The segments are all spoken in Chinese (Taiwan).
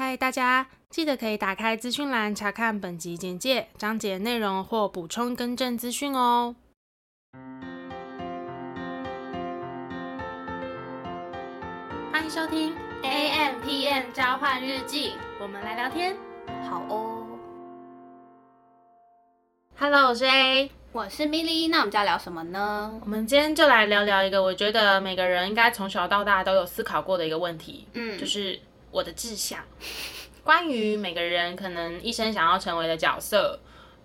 嗨，大家記得可以打開資訊欄查看本集簡介、章節內容或補充更正資訊哦。歡迎收聽 A M P M 交換日記，我們來聊天。好哦。Hello，我是 A，我是 Millie。那我們要聊什麼呢？我們今天就來聊聊一個我覺得每個人應該從小到大都有思考過的一個問題。嗯，就是。我的志向，關於每個人可能一生想要成為的角色，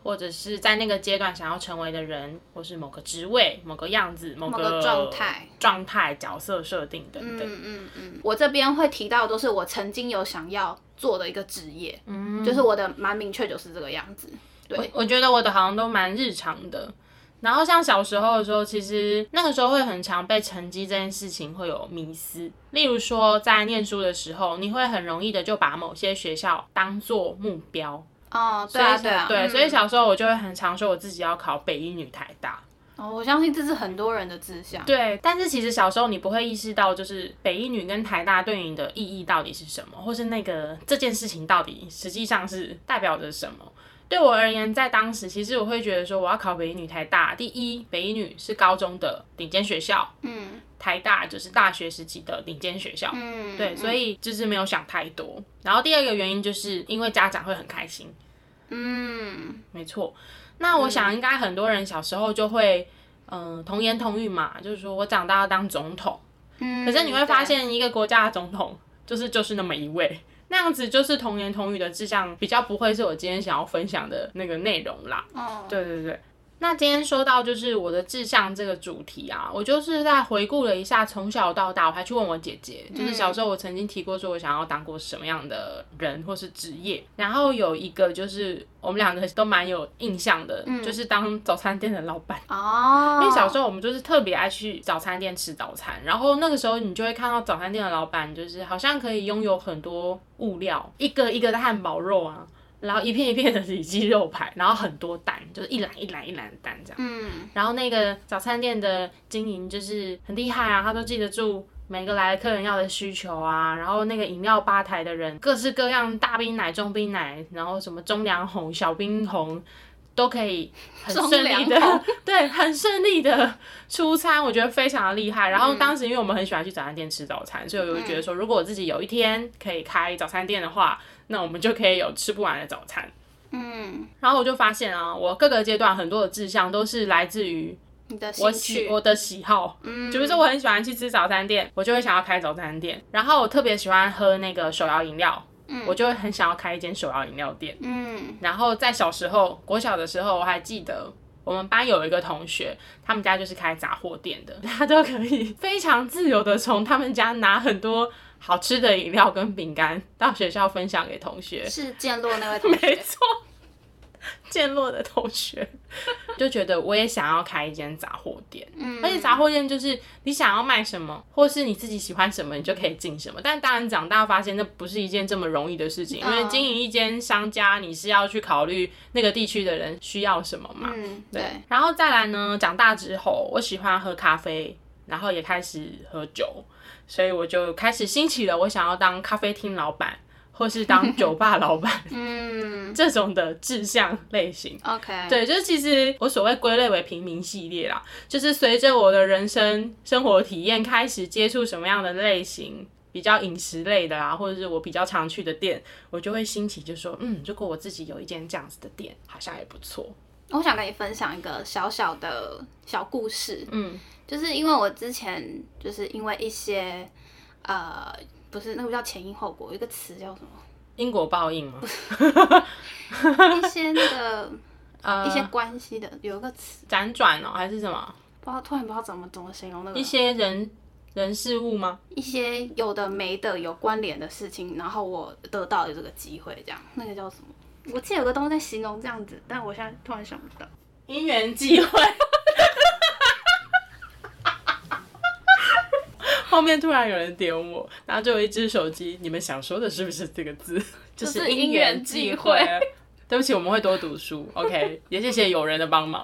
或者是在那個階段想要成為的人，或是某個職位、某個樣子、某個狀態、狀態、角色設定等等。嗯嗯，嗯，我這邊會提到的都是我曾經有想要做的一個職業，嗯，就是我的蠻明確，就是這個樣子。對，我，我覺得我的好像都蠻日常的。然後像小時候的時候，其實那個時候會很常被成績這件事情會有迷思。例如說，在念書的時候，你會很容易的就把某些學校當作目標。哦，對啊，對啊，對，啊對、嗯。所以小時候我就會很常說我自己要考北一女、台大。哦，我相信這是很多人的志向。對，但是其實小時候你不會意識到，就是北一女跟台大對你的意義到底是什麼，或是那個這件事情到底實際上是代表着什麼。對我而言，在當時，其實我會覺得說，我要考北一女、台大。第一，北一女是高中的頂尖學校，嗯，台大就是大學時期的頂尖學校，嗯，對，所以就是沒有想太多。然後第二個原因就是因為家長會很開心，嗯，沒錯。那我想應該很多人小時候就會，嗯、呃，童言童語嘛，就是說我長大要當總統，嗯，可是你會發現一個國家的總統就是就是那麼一位。那樣子就是童言童語的志向，比較不會是我今天想要分享的那個內容啦。哦、嗯，對對對。那今天說到就是我的志向這個主題啊，我就是在回顧了一下從小到大，我還去問我姐姐、嗯，就是小時候我曾經提過說我想要當過什麼樣的人或是職業，然後有一個就是我們兩個都蠻有印象的、嗯，就是當早餐店的老闆哦、嗯。因為小時候我們就是特別愛去早餐店吃早餐，然後那個時候你就會看到早餐店的老闆就是好像可以擁有很多物料，一個一個的漢堡肉啊。然後一片一片的里脊肉排，然後很多蛋，就是一籃一籃一籃的蛋這樣。嗯。然後那個早餐店的經營就是很厲害啊，他都記得住每個來的客人要的需求啊。然後那個飲料吧台的人，各式各樣大冰奶、中冰奶，然後什麼中涼紅、小冰紅，都可以很順利的，對，很順利的出餐，我覺得非常的厲害。然後當時因為我們很喜歡去早餐店吃早餐，嗯、所以我就覺得說，如果我自己有一天可以開早餐店的話。那我們就可以有吃不完的早餐，嗯。然後我就發現啊，我各個階段很多的志向都是來自於我喜你的興趣、我的喜好，嗯。就比如說，我很喜歡去吃早餐店，我就會想要開早餐店。然後我特別喜歡喝那個手搖飲料，嗯，我就會很想要開一間手搖飲料店，嗯。然後在小時候，國小的時候，我還記得我們班有一個同學，他們家就是開雜貨店的，他都可以非常自由的從他們家拿很多。好吃的飲料跟餅乾到學校分享給同學，是建落那位同學，沒錯，建落的同學 就覺得我也想要開一間雜貨店，嗯，而且雜貨店就是你想要賣什麼，或是你自己喜歡什麼，你就可以進什麼。但當然長大發現那不是一件這麼容易的事情，嗯，因為經營一間商家，你是要去考慮那個地區的人需要什麼嘛，嗯，對。然後再來呢，長大之後，我喜歡喝咖啡，然後也開始喝酒。所以我就開始興起了，我想要當咖啡廳老闆，或是當酒吧老闆，嗯 這種的志向類型。OK，對，就是其實我所謂歸類為平民系列啦，就是隨着我的人生生活體驗開始接觸什麼樣的類型，比較飲食類的啦，或者是我比較常去的店，我就會興起就說，嗯，如果我自己有一間這樣子的店，好像也不錯。我想跟你分享一個小小的小故事。嗯，就是因為我之前就是因為一些呃，不是那個叫前因後果，有一個詞叫什麼？因果報應嗎？不是， 一些那個、呃、一些關係的有一個詞，輾轉哦，還是什麼？不知道，突然不知道怎麼怎麼形容那個。一些人人事物嗎？一些有的沒的有關聯的事情，然後我得到了這個機會，這樣那個叫什麼？我記得有個東西在形容這樣子，但我現在突然想不到。因緣際會。 後面突然有人點我，然後就有一隻手機。你們想說的是不是這個字？就是因緣際會。 對不起，我們會多讀書。OK，也謝謝友人的幫忙。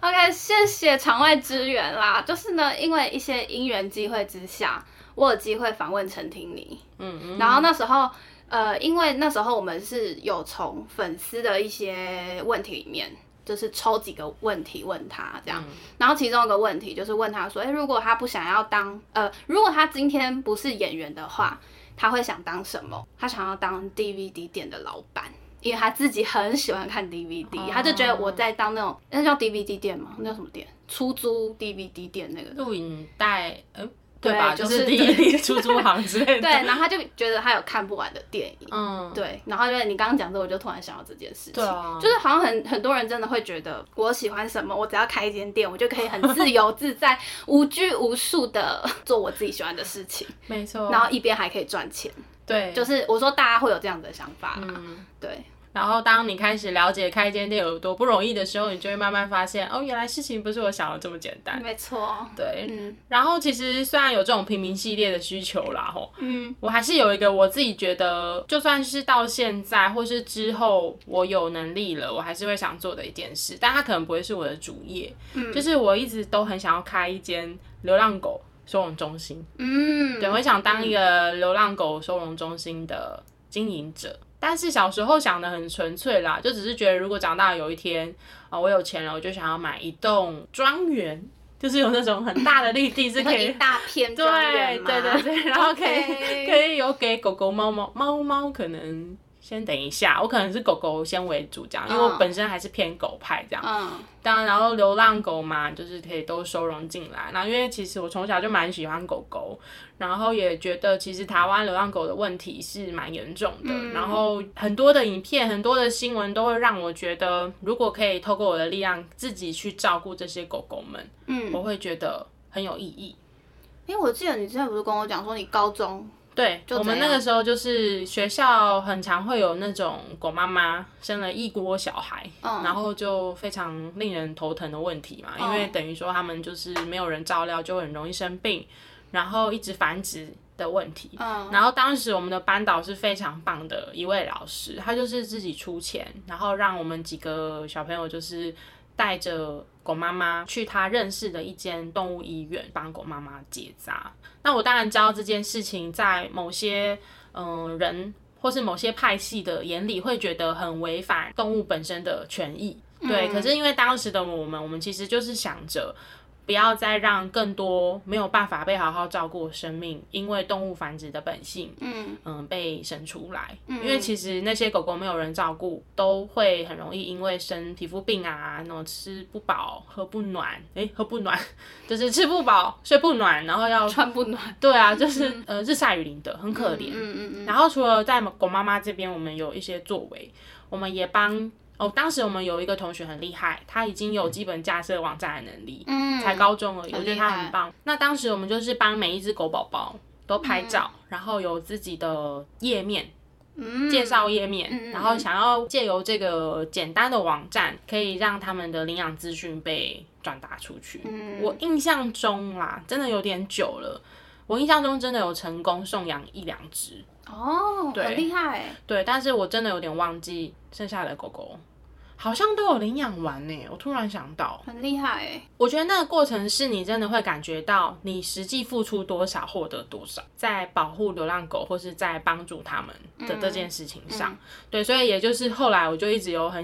OK，謝謝場外支援啦。就是呢，因為一些因緣際會之下，我有機會訪問陳庭妮。嗯嗯。然後那時候。呃，因為那時候我們是有從粉絲的一些問題裡面，就是抽幾個問題問他這樣，嗯、然後其中一個問題就是問他說，哎、欸，如果他不想要當，呃，如果他今天不是演員的話，他會想當什麼？他想要當 DVD 店的老闆，因為他自己很喜歡看 DVD，哦、他就覺得我在當那種那叫 DVD 店嗎？那叫什麼店？出租 DVD 店那個錄影帶，嗯對吧？就是滴、就是，出租行之類的。 對，然後他就覺得他有看不完的電影。嗯，對。然後因為你剛剛講這，我就突然想到這件事情。啊，就是好像很很多人真的會覺得，我喜歡什麼，我只要開一間店，我就可以很自由自在、 無拘無束的做我自己喜歡的事情。沒錯。然後一邊還可以賺錢。對。就是我說大家會有這樣的想法，啊，嗯。對。然後，當你開始了解開一間店有多不容易的時候，你就會慢慢發現，哦，原來事情不是我想的這麼簡單。沒錯，對。嗯，然後，其實雖然有這種平民系列的需求啦，吼，嗯，我還是有一個我自己覺得，就算是到現在或是之後我有能力了，我還是會想做的一件事，但它可能不會是我的主業。嗯，就是我一直都很想要開一間流浪狗收容中心。嗯，對，我想當一個流浪狗收容中心的經營者。嗯嗯但是小時候想的很純粹啦，就只是覺得，如果長大有一天啊，哦，我有錢了，我就想要買一棟莊園，就是有那種很大的綠地，是可以 一大片莊園嘛，對對對對，然後可以，okay. 可以有給狗狗貓貓，貓貓，貓貓可能。先等一下，我可能是狗狗先為主這樣，因為我本身還是偏狗派這樣。嗯。當然，然後流浪狗嘛，就是可以都收容進來。那因為其實我從小就蠻喜歡狗狗，然後也覺得其實台灣流浪狗的問題是蠻嚴重的。Mm. 然後很多的影片、很多的新聞都會讓我覺得，如果可以透過我的力量自己去照顧這些狗狗們，嗯、mm.，我會覺得很有意義。因為我記得你之前不是跟我講說，你高中。對，我們那個時候就是學校很常會有那種狗媽媽生了一窩小孩，嗯，然後就非常令人頭疼的問題嘛。嗯、因為等於說他們就是沒有人照料，就很容易生病，然後一直繁殖的問題。嗯。然後當時我們的班導是非常棒的一位老師，他就是自己出錢，然後讓我們幾個小朋友就是。帶着狗媽媽去她認識的一間動物醫院幫狗媽媽結紮。那我當然知道這件事情在某些嗯、呃、人或是某些派系的眼裡會覺得很違反動物本身的權益、嗯，對。可是因為當時的我們，我們其實就是想着。不要再讓更多沒有辦法被好好照顧的生命，因為動物繁殖的本性，嗯、呃、被生出來、嗯。因為其實那些狗狗沒有人照顧，都會很容易因為生皮膚病啊，那種吃不飽、喝不暖，哎、欸，喝不暖 就是吃不飽，睡不暖，然後要穿不暖。對啊，就是、嗯、呃，日曬雨淋的，很可憐、嗯嗯嗯嗯。然後除了在狗媽媽這邊，我們有一些作為，我們也幫。哦，當時我們有一個同學很厲害，他已經有基本架設網站的能力，嗯，才高中而已，嗯、我覺得他很棒。很厲害。那當時我們就是幫每一只狗寶寶都拍照、嗯，然後有自己的頁面，嗯、介紹頁面、嗯，然後想要借由這個簡單的網站，可以讓他們的領養資訊被轉達出去、嗯。我印象中啦，真的有點久了，我印象中真的有成功送養一兩只哦，對，很厲害，對，但是我真的有點忘記剩下的狗狗。好像都有領養完呢。欸，我突然想到，很厲害欸。我覺得那個過程是你真的會感覺到你實際付出多少，獲得多少，在保護流浪狗或是在幫助他們的這件事情上。嗯，嗯。對，所以也就是後來我就一直有很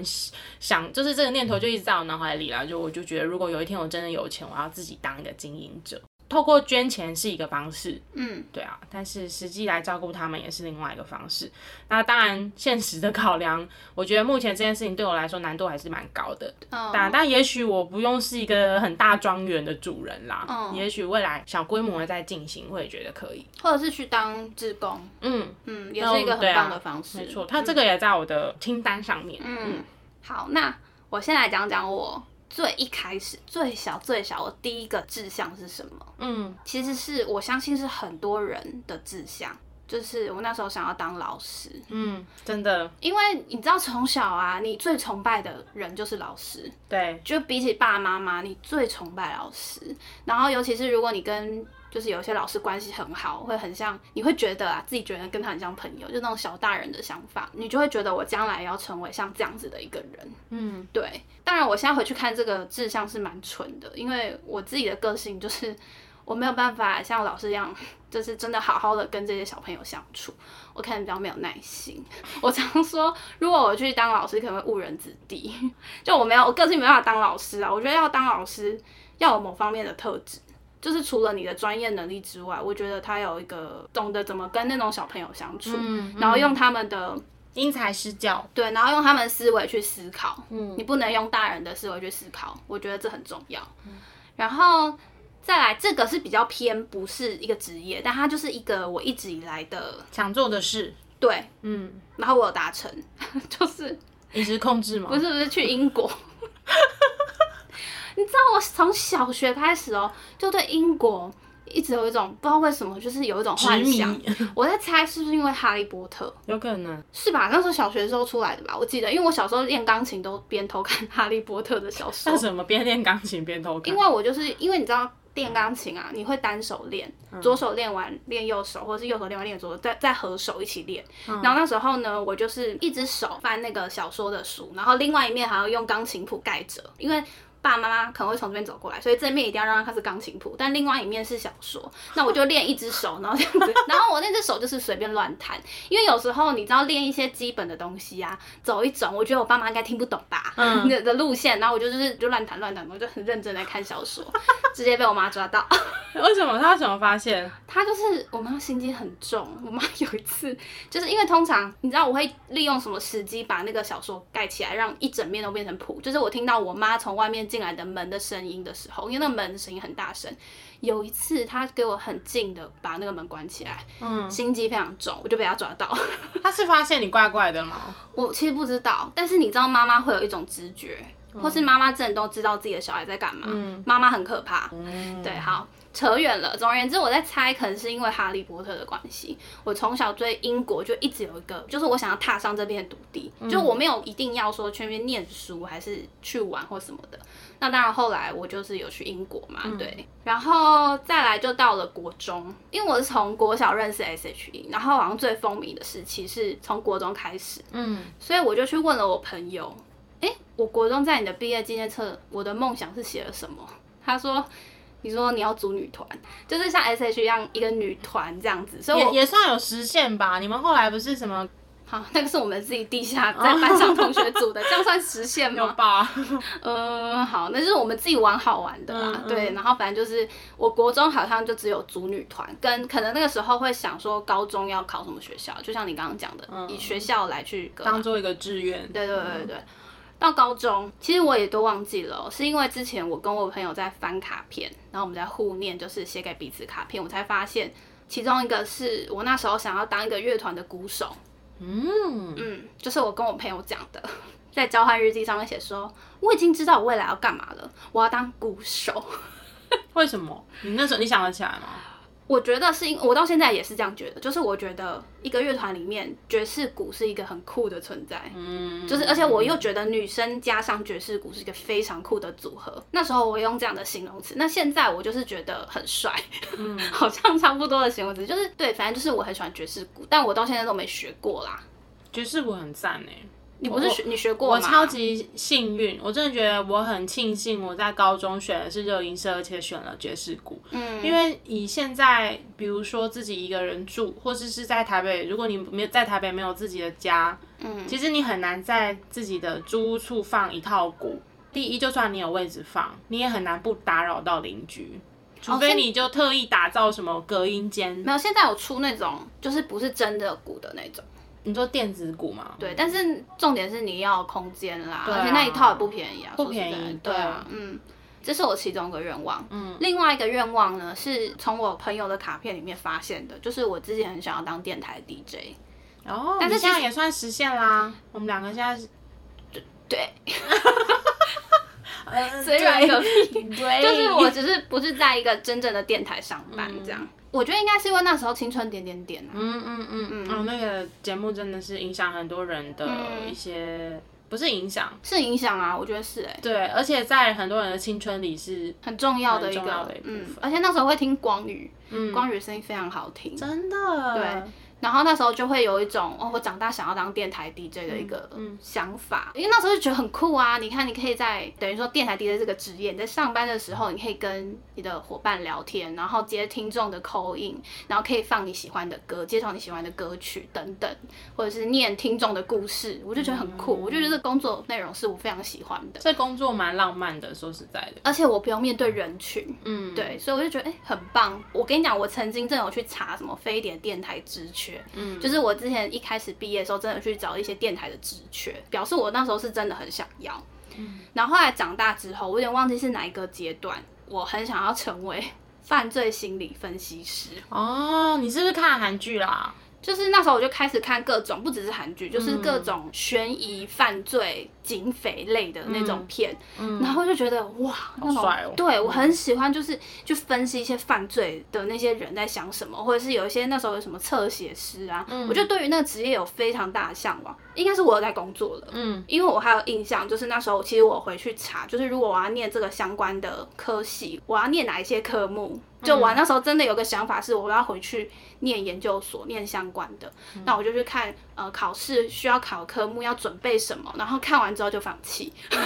想，就是這個念頭就一直在我腦海裡了。就我就覺得，如果有一天我真的有錢，我要自己當一個經營者。透過捐錢是一個方式，嗯，對啊，但是實際來照顧他們也是另外一個方式。那當然，現實的考量，我覺得目前這件事情對我來說難度還是蠻高的。嗯、但但也許我不用是一個很大莊園的主人啦，嗯、也許未來小規模的在進行，我也覺得可以。或者是去當志工，嗯嗯，也是一個很棒的方式。嗯啊、沒錯，他這個也在我的清單上面。嗯，嗯嗯好，那我先來講講我。最一開始，最小最小我第一個志向是什麼？嗯，其實是我相信是很多人的志向，就是我那時候想要當老師。嗯，真的，因為你知道，從小啊，你最崇拜的人就是老師。對，就比起爸爸媽媽，你最崇拜老師。然後，尤其是如果你跟就是有些老師關係很好，會很像，你會覺得啊，自己覺得跟他很像朋友，就那種小大人的想法，你就會覺得我將來要成為像這樣子的一個人。嗯，對。當然我現在回去看這個志向是蠻蠢的，因為我自己的個性就是我沒有辦法像老師一樣，就是真的好好的跟這些小朋友相處。我可能比較沒有耐心。我常說，如果我去當老師，可能會誤人子弟。就我沒有，我個性沒有辦法當老師啊。我覺得要當老師要有某方面的特質。就是除了你的專業能力之外，我覺得他有一個懂得怎麼跟那種小朋友相處，嗯嗯、然後用他們的因材施教，對，然後用他們思維去思考、嗯，你不能用大人的思維去思考，我覺得這很重要。然後再來，這個是比較偏，不是一個職業，但它就是一個我一直以來的想做的事，對，嗯，然後我有達成，就是一直控制嗎？ 不是不是，不是去英國。 你知道我從小學開始哦、喔，就對英國一直有一種不知道為什麼，就是有一種幻想。我在猜是不是因為《哈利波特》？有可能、啊、是吧？那時候小學的時候出來的吧，我記得，因為我小時候練鋼琴都邊偷看《哈利波特》的小說。為什麼邊練鋼琴邊偷看？因為我就是因為你知道練鋼琴啊，你會單手練，左手練完練右手，或者是右手練完練左手，再再合手一起練。然後那時候呢，我就是一隻手翻那個小說的書，然後另外一面還要用鋼琴譜蓋着，因為，爸媽，媽可能會從這邊走過來，所以這一面一定要讓他是鋼琴譜，但另外一面是小說。那我就練一隻手， 然後這樣子。然後我那隻手就是隨便亂彈，因為有時候你知道練一些基本的東西啊，走一走，我覺得我爸媽應該聽不懂吧。嗯。的路線，然後我就、就是就亂彈亂彈，我就很認真在看小說。直接被我媽抓到，為什麼？她怎麼發現？她就是我媽心機很重。我媽有一次，就是因為通常你知道我會利用什麼時機把那個小說蓋起來，讓一整面都變成譜。就是我聽到我媽從外面進來的門的聲音的時候，因為那個門的聲音很大聲。有一次她給我很近的把那個門關起來，嗯，心機非常重，我就被她抓到。她是發現你怪怪的嗎？我其實不知道，但是你知道媽媽會有一種直覺。或是媽媽真的都知道自己的小孩在幹嘛，嗯、媽媽很可怕、嗯。對，好，扯遠了。總而言之，我在猜，可能是因為哈利波特的關係。我從小追英國，就一直有一個，就是我想要踏上這片土地、嗯，就我沒有一定要說去那邊念書，還是去玩或什麼的。那當然，後來我就是有去英國嘛、嗯。對，然後再來就到了國中，因為我是從國小認識 SHE，然後好像最風靡的時期是從國中開始。嗯，所以我就去問了我朋友。我國中在你的畢業紀念冊，我的夢想是寫了什麼？他說：“你說你要組女團，就是像 SH 一樣一個女團這樣子，所以我也，也算有實現吧？你們後來不是什麼……好，那個是我們自己地下在班上同學組的， 這樣算實現嗎？有吧？嗯，好，那就是我們自己玩好玩的啦，嗯。對，然後反正就是我國中好像就只有組女團，跟可能那個時候會想說高中要考什麼學校，就像你剛剛講的，以學校來去當做一個志願。對對對對。到高中，其實我也都忘記了喔，是因為之前我跟我朋友在翻卡片，然後我們在互念，就是寫給彼此卡片，我才發現其中一個是我那時候想要當一個樂團的鼓手，嗯嗯，就是我跟我朋友講的，在交換日記上面寫說，我已經知道我未來要幹嘛了，我要當鼓手， 為什麼？你那時候你想得起來嗎？我覺得是因我到現在也是這樣覺得，就是我覺得一個樂團裡面爵士鼓是一個很酷的存在，嗯，就是而且我又覺得女生加上爵士鼓是一個非常酷的組合。那時候我用這樣的形容詞，那現在我就是覺得很帥，嗯、 好像差不多的形容詞，就是對，反正就是我很喜歡爵士鼓，但我到現在都沒學過啦。爵士鼓很讚呢、欸。你不是學你學過嗎，我超級幸運，我真的覺得我很慶幸我在高中選的是熱音社，而且選了爵士鼓。嗯，因為以現在，比如說自己一個人住，或是是在台北，如果你沒有在台北沒有自己的家，嗯，其實你很難在自己的租屋處放一套鼓。第一，就算你有位置放，你也很難不打擾到鄰居，除非你就特意打造什麼隔音間。沒、哦、有，現在有出那種就是不是真的鼓的那種。你做電子鼓嘛？對，但是重點是你要空間啦、啊，而且那一套也不便宜啊，不便宜，對啊，對，啊對啊，嗯，這是我其中一個願望。嗯，另外一個願望呢，是從我朋友的卡片裡面發現的，就是我自己很想要當電台 DJ。哦，但是現在也算實現啦、啊。我們兩個現在是，對，雖然有，那個、 就是我只是不是在一個真正的電台上班、嗯、這樣。我覺得應該是因為那時候青春點點點、啊、嗯嗯嗯嗯，哦，那個節目真的是影響很多人的一些，嗯、不是影響，是影響啊，我覺得是哎、欸，對，而且在很多人的青春裡是很重要的一個，一部分，嗯，而且那時候會聽光禹，嗯，光禹聲音非常好聽，真的，對。然後那時候就會有一種哦，我長大想要當電臺 DJ 的一個想法，嗯嗯、因為那時候就覺得很酷啊！你看，你可以在等於說電臺 DJ 這個職業，你在上班的時候，你可以跟你的夥伴聊天，然後接聽眾的 call in，然後可以放你喜歡的歌，介紹你喜歡的歌曲等等，或者是念聽眾的故事，我就覺得很酷，我就覺得這個工作內容是我非常喜歡的，這工作蠻浪漫的，說實在的，而且我不用面對人群，嗯，對，所以我就覺得哎，很棒。我跟你講，我曾經正有去查什麼非典電，電臺職。嗯，就是我之前一開始畢業的時候，真的去找一些電台的職缺，表示我那時候是真的很想要。嗯，然後後來長大之後，我有點忘記是哪一個階段，我很想要成為犯罪心理分析師。哦，你是不是看韓劇啦？就是那時候我就開始看各種，不只是韓劇、嗯，就是各種懸疑、犯罪、警匪類的那種片，嗯、然後就覺得哇，好帥哦、喔！對、嗯、我很喜歡、就是，就是去分析一些犯罪的那些人在想什麼，或者是有一些那時候有什麼側寫師啊，嗯、我覺得對於那個職業有非常大的嚮往。應該是我有在工作了，嗯，因為我還有印象，就是那時候其實我回去查，就是如果我要念這個相關的科系，我要念哪一些科目。就我那時候真的有個想法，是我要回去念研究所，念相關的、嗯，那我就去看。呃，考試需要考科目要準備什麼？然後看完之後就放棄，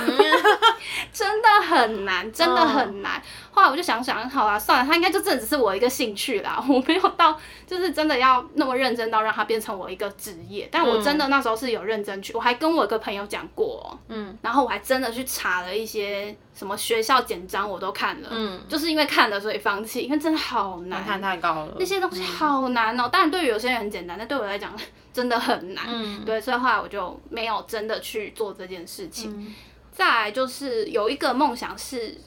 真的很難，真的很難。後來我就想想，好了、啊，算了，他應該就這只是我一個興趣啦，我沒有到就是真的要那麼認真到讓他變成我一個職業。但我真的那時候是有認真去，嗯、我還跟我一個朋友講過、喔，嗯，然後我還真的去查了一些什麼學校簡章，我都看了，嗯，就是因為看了所以放棄，因為真的好難，看太高了，那些東西好難哦、喔嗯。當然，對於有些人很簡單，但對我來講。真的很難、嗯，對，所以後來我就沒有真的去做這件事情。嗯、再來就是有一個夢想是，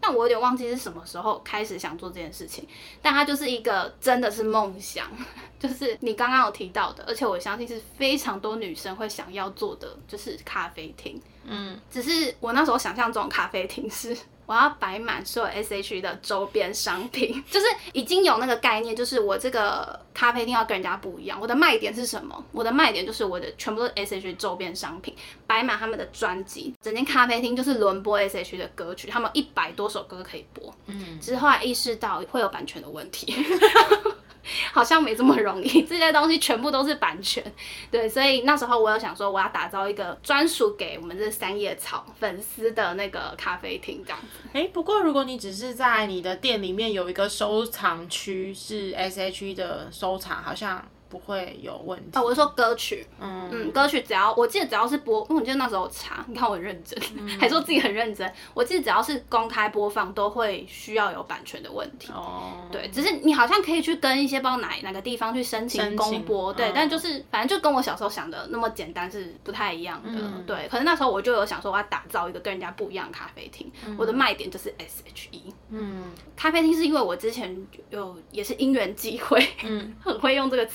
但我有點忘記是什麼時候開始想做這件事情，但它就是一個真的是夢想，就是你剛剛有提到的，而且我相信是非常多女生會想要做的，就是咖啡廳。嗯，只是我那時候想象中的咖啡廳是我要擺滿所有 SH 的周邊商品，就是已經有那個概念，就是我這個咖啡廳要跟人家不一樣。我的賣點是什麼？我的賣點就是我的全部都是 SH 周邊商品，擺滿他們的專輯，整間咖啡廳就是輪播 SH 的歌曲，他們一百多首歌可以播。嗯，只是後來意識到會有版權的問題。 好像沒這麼容易，這些東西全部都是版權，對，所以那時候我有想說，我要打造一個專屬給我們這三葉草粉絲的那個咖啡廳，這樣子。哎、欸，不過如果你只是在你的店裡面有一個收藏區，是 S.H.E 的收藏，好像。不會有問題啊、哦！我是說歌曲，嗯，嗯歌曲只要我記得，只要是播，因、嗯、為我記得那時候我查，你看我很認真、嗯，還說自己很認真。我記得只要是公開播放，都會需要有版權的問題。哦，對，只是你好像可以去跟一些不知道哪哪個地方去申請公播，對、嗯，但就是反正就跟我小時候想的那麼簡單是不太一樣的。嗯、對，可是那時候我就有想說，我要打造一個跟人家不一樣咖啡廳、嗯，我的賣點就是 SHE。嗯，咖啡廳是因為我之前有也是因緣際會，嗯，很會用這個詞。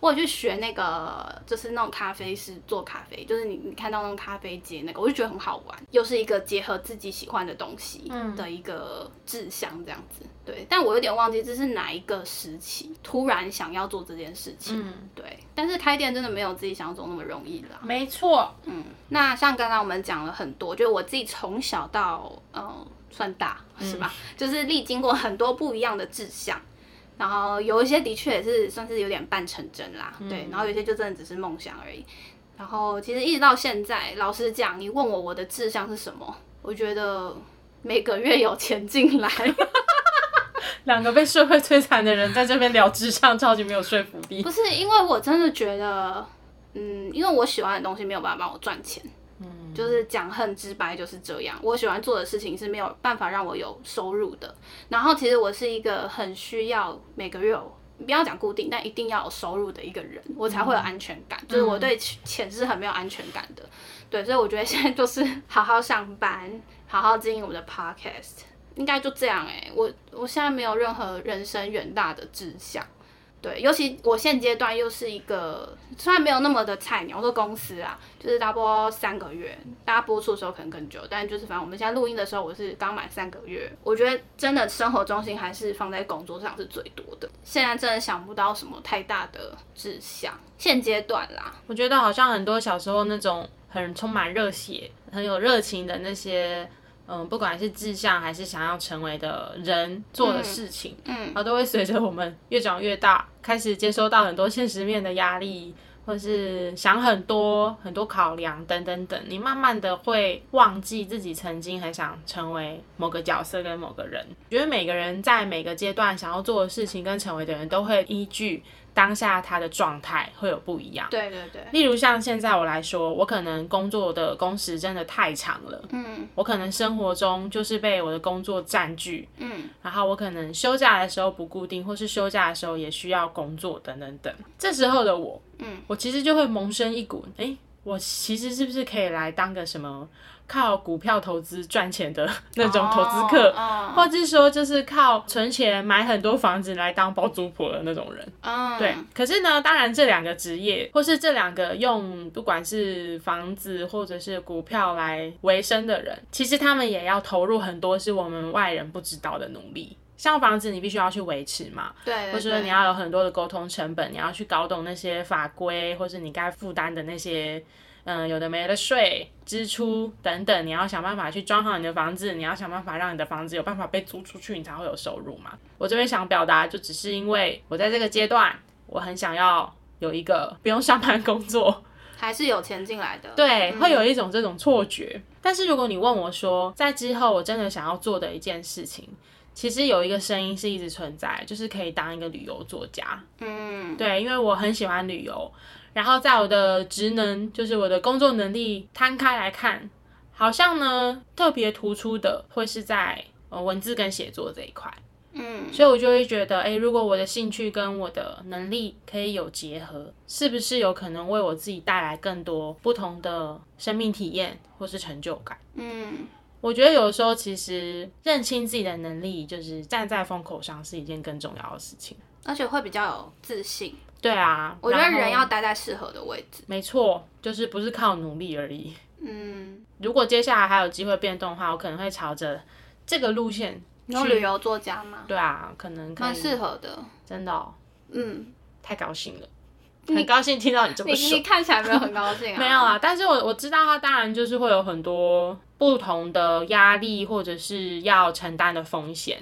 我有去學那個，就是那種咖啡師做咖啡，就是你你看到那種咖啡機那個，我就覺得很好玩，又是一個結合自己喜歡的東西的一個志向這樣子。嗯、對，但我有點忘記這是哪一個時期突然想要做這件事情、嗯。對。但是開店真的沒有自己想要做那麼容易啦、啊。沒錯。嗯，那像剛剛我們講了很多，就我自己從小到嗯。算大是吧？嗯、就是歷經過很多不一樣的志向，然後有一些的確也是算是有點半成真啦，嗯、對，然後有些就真的只是夢想而已。然後其實一直到現在，老實講，你問我我的志向是什麼，我覺得每個月有錢進來，兩 個被社會摧殘的人在這邊聊志向，超級沒有說服力。不是因為我真的覺得，嗯，因為我喜歡的東西沒有辦法幫我賺錢。就是講很直白就是這樣，我喜歡做的事情是沒有辦法讓我有收入的。然後其實我是一個很需要每個月不要講固定，但一定要有收入的一個人，我才會有安全感。嗯、就是我對錢是很沒有安全感的，對，所以我覺得現在就是好好上班，好好經營我的 podcast，應該就這樣誒、欸，我我現在沒有任何人生遠大的志向。對，尤其我現階段又是一個，雖然沒有那麼的菜鳥，的公司啊，就是差不多三個月，大家播出的時候可能更久，但就是反正我們現在錄音的時候，我是剛滿三個月，我覺得真的生活重心還是放在工作上是最多的。現在真的想不到什麼太大的志向，現階段啦，我覺得好像很多小時候那種很充滿熱血、很有熱情的那些。嗯，不管是志向還是想要成為的人、做的事情，嗯，嗯，它都會隨着我們越長越大，開始接收到很多現實面的壓力，或是想很多很多考量，等等等，你慢慢的會忘記自己曾經很想成為某個角色跟某個人。覺得每個人在每個階段想要做的事情跟成為的人都會依據。當下他的狀態會有不一樣，對對對。例如像現在我來說，我可能工作的工時真的太長了，嗯，我可能生活中就是被我的工作佔據，嗯，然後我可能休假的時候不固定，或是休假的時候也需要工作，等等等。這時候的我，嗯，我其實就會萌生一股，欸我其實是不是可以來當個什麼靠股票投資賺錢的那種投資客，oh, uh. 或者是說就是靠存錢買很多房子來當包租婆的那種人？Uh. 對。可是呢，當然這兩個職業，或是這兩個用不管是房子或者是股票來維生的人，其實他們也要投入很多是我們外人不知道的努力。像房子，你必須要去維持嘛，對，對,對，或者說你要有很多的溝通成本，你要去搞懂那些法規，或是你該負擔的那些，嗯，有的沒的稅、支出等等，你要想辦法去裝好你的房子，你要想辦法讓你的房子有辦法被租出去，你才會有收入嘛。我這邊想表達，就只是因為我在這個階段，我很想要有一個不用上班工作，還是有錢進來的，對、嗯，會有一種這種錯覺。但是如果你問我說，在之後我真的想要做的一件事情，其實有一個聲音是一直存在，就是可以當一個旅遊作家。嗯，對，因為我很喜歡旅遊，然後在我的職能，就是我的工作能力攤開來看，好像呢特別突出的會是在文字跟寫作這一塊。嗯，所以我就會覺得，哎、欸，如果我的興趣跟我的能力可以有結合，是不是有可能為我自己帶來更多不同的生命體驗或是成就感？嗯。我覺得有時候其實認清自己的能力，就是站在風口上是一件更重要的事情，而且會比較有自信。對啊，我覺得人要待在適合的位置。沒錯，就是不是靠努力而已。嗯，如果接下來還有機會變動的話，我可能會朝着這個路線去。去旅遊作家嗎？對啊，可能可以蠻適合的。真的哦？嗯，太高興了。很高興聽到你這麼說。你看起來沒有很高興啊？ 沒有啊，但是我我知道他當然就是會有很多不同的壓力，或者是要承擔的風險，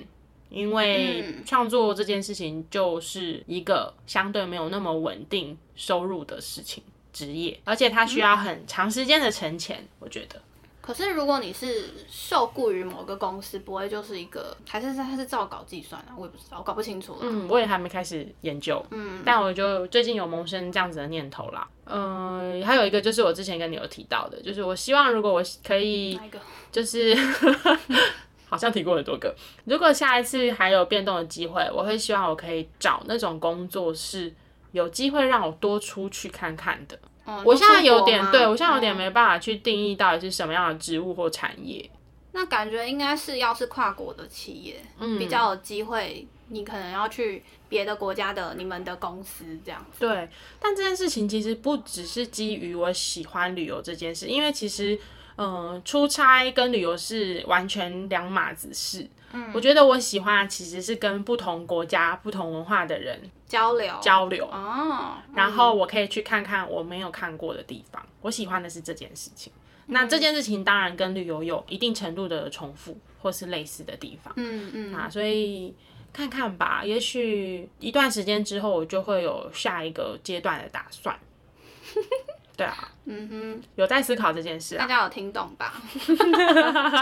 因為創作這件事情就是一個相對沒有那麼穩定收入的事情，職業，而且它需要很長時間的沉潛，我覺得。可是如果你是受僱於某個公司，不會就是一個還是還是，照稿計算啊？我也不知道，我搞不清楚了。嗯，我也還沒開始研究。嗯，但我就最近有萌生這樣子的念頭啦。嗯、呃，還有一個就是我之前跟你有提到的，就是我希望如果我可以，就是 好像提過很多個。如果下一次還有變動的機會，我會希望我可以找那種工作是有機會讓我多出去看看的。哦、我現在有點，對，我現在有點沒辦法去定義到底是什麼樣的職務或產業。嗯、那感覺應該是要是跨國的企業，嗯，比較有機會，你可能要去別的國家的你們的公司這樣子。對，但這件事情其實不只是基於我喜歡旅遊這件事，因為其實。嗯，出差跟旅遊是完全兩碼子事，嗯。我覺得我喜歡的其實是跟不同國家、不同文化的人交流交流，哦、然後我可以去看看我沒有看過的地方。我喜歡的是這件事情。嗯，那這件事情當然跟旅遊有一定程度的重複或是類似的地方。嗯嗯。啊，所以看看吧，也許一段時間之後，我就會有下一個階段的打算。 對啊，嗯哼，有在思考這件事啊，大家有聽懂吧？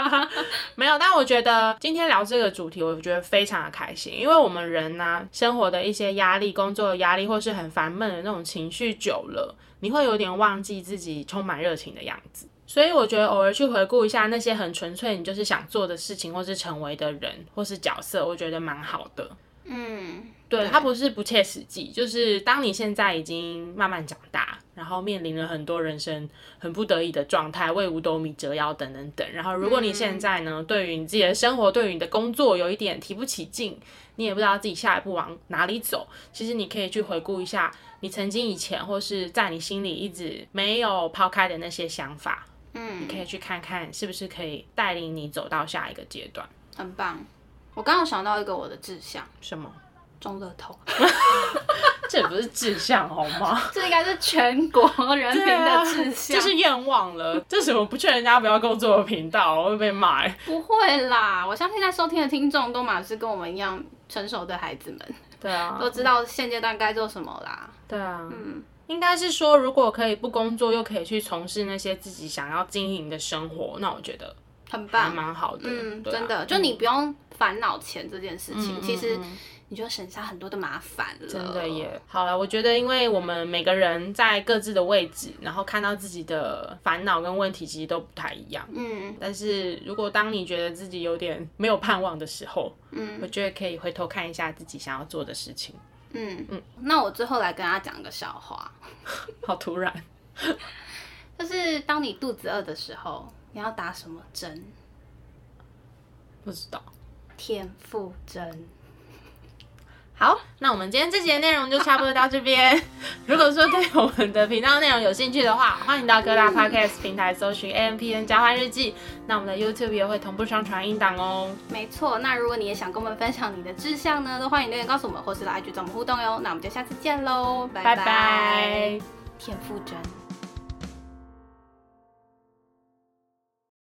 沒有，但我覺得今天聊這個主題，我覺得非常的開心，因為我們人吶、啊，生活的一些壓力、工作的壓力，或是很煩悶的那種情緒久了，你會有點忘記自己充滿熱情的樣子，所以我覺得偶爾去回顧一下那些很純粹，你就是想做的事情，或是成為的人，或是角色，我覺得蠻好的。嗯。對，它不是不切實際，就是當你現在已經慢慢長大，然後面臨了很多人生很不得已的狀態，為五斗米折腰等等等。然後如果你現在呢，嗯，對於你自己的生活，對於你的工作有一點提不起勁，你也不知道自己下一步往哪裡走。其實你可以去回顧一下你曾經以前，或是在你心裡一直沒有拋開的那些想法。嗯，你可以去看看是不是可以帶領你走到下一個階段。很棒，我剛剛想到一個我的志向，什麼？中樂透，這也不是志向好嗎？ 這應該是全國人民的志向，啊，就是願望了。 這是我不勸人家不要工作的頻道，我會被罵？不會啦，我相信在收聽的聽眾都滿是跟我們一樣成熟的孩子們，對啊，都知道現階段該做什麼啦。對啊，嗯，應該是說，如果可以不工作，又可以去從事那些自己想要經營的生活，那我覺得還很棒，蠻好的。嗯、啊，真的，就你不用煩惱錢這件事情，嗯、其實。你就省下很多的麻煩了，真的耶。好了，我覺得，因為我們每個人在各自的位置，然後看到自己的煩惱跟問題其實都不太一樣。嗯，但是如果當你覺得自己有點沒有盼望的時候，嗯，我覺得可以回頭看一下自己想要做的事情。嗯嗯。那我最後來跟大家講個笑話， 好突然。 就是當你肚子餓的時候，你要打什麼針？不知道。天賦針。好，那我們今天這集內容就差不多到這邊。 如果說對我們的頻道內容有興趣的話，歡迎到各大 Podcast 平台搜尋 AMpm 交換日記。那我們的 YouTube 也會同步上傳音檔哦。沒錯，那如果你也想跟我們分享你的志向呢，都歡迎留言告訴我們，或是來 IG 與我們互動喲。那我們就下次見嘍，拜拜，田馥甄。